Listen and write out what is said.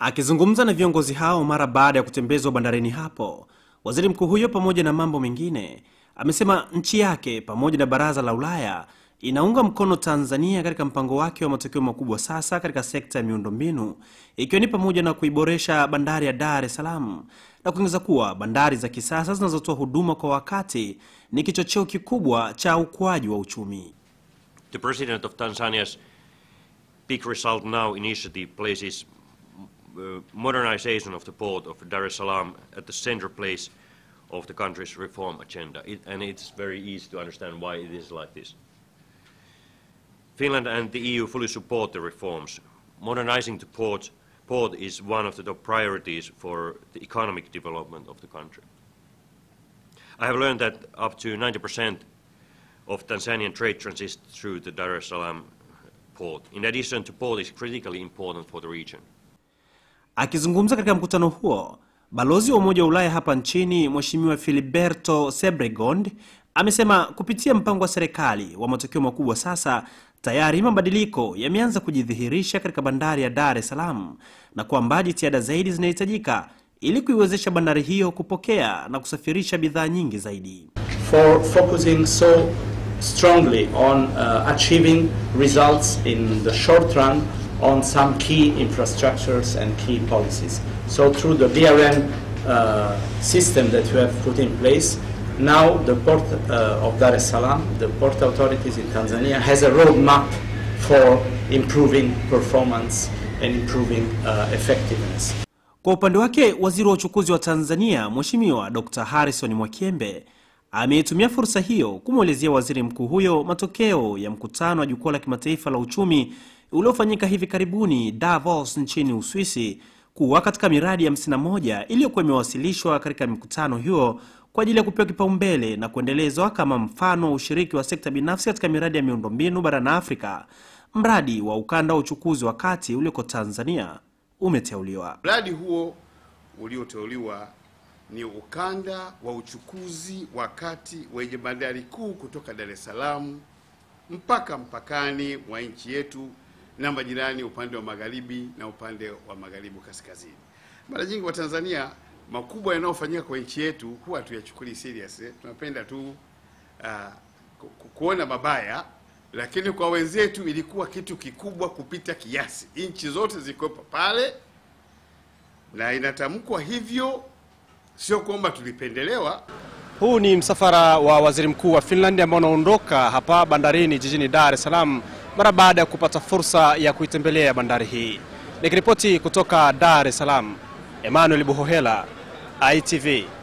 Akizungumza na viongozi hao mara baada ya kutembezwa bandarini hapo, waziri mkuu huyo pamoja na mambo mengine amesema nchi yake pamoja na baraza la Ulaya inaunga mkono Tanzania katika mpango wake wa matokeo makubwa sasa katika sekta ya miundombinu ikiwa ni pamoja na kuiboresha bandari ya Dar es Salaam na kuongeza kuwa bandari za kisasa zinazotoa huduma kwa wakati ni kichocheo kikubwa cha ukuaji wa uchumi. The President of Tanzania's Result Now initiative places modernization of the port of Dar es Salaam at the center place of the country's reform agenda. It, and it's very easy to understand why it is like this. Finland and the EU fully support the reforms. Modernizing the port, port is one of the top priorities for the economic development of the country. I have learned that up to 90% of Tanzanian trade transits through the Dar es Salaam port. In addition, the port is critically important for the region. Akizungumza katika mkutano huo, balozi wa Umoja wa Ulaya hapa nchini Mheshimiwa Filiberto Sebregond amesema kupitia mpango wa serikali wa matokeo makubwa sasa tayari mabadiliko yameanza kujidhihirisha katika bandari ya Dar es Salaam na kwamba jitihada zaidi zinahitajika ili kuiwezesha bandari hiyo kupokea na kusafirisha bidhaa nyingi zaidi. For focusing so strongly on uh, achieving results in the short run on some key infrastructures and key policies. So through the BRM uh, system that we have put in place, now the port uh, of Dar es Salaam, the port authorities in Tanzania, has a roadmap for improving performance and improving uh, effectiveness. Kwa upande wake, waziri wa uchukuzi wa Tanzania Mheshimiwa Dr. Harrison Mwakyembe ametumia fursa hiyo kumwelezea waziri mkuu huyo matokeo ya mkutano wa jukwaa la kimataifa la uchumi uliofanyika hivi karibuni Davos nchini Uswisi kuwa katika miradi 51 iliyokuwa imewasilishwa katika mkutano huo kwa ajili ya kupewa kipaumbele na kuendelezwa kama mfano wa ushiriki wa sekta binafsi katika miradi ya miundombinu barani Afrika. Mradi wa ukanda wa uchukuzi wa kati ulioko Tanzania umeteuliwa. Mradi huo ulioteuliwa ni ukanda wa uchukuzi wa kati wenye bandari kuu kutoka Dar es Salaam mpaka mpakani wa nchi yetu namba jirani upande wa magharibi na upande wa magharibi kaskazini. Mara nyingi wa Tanzania makubwa yanayofanyika kwa nchi yetu huwa tuyachukuli serious eh. Tunapenda tu uh, kuona mabaya, lakini kwa wenzetu ilikuwa kitu kikubwa kupita kiasi. Nchi zote zilikuwepo pale na inatamkwa hivyo, sio kwamba tulipendelewa. Huu ni msafara wa waziri mkuu wa Finland ambao unaondoka hapa bandarini jijini Dar es Salaam mara baada ya kupata fursa ya kuitembelea bandari hii. Nikiripoti kutoka Dar es Salaam, Emmanuel Buhohela, ITV.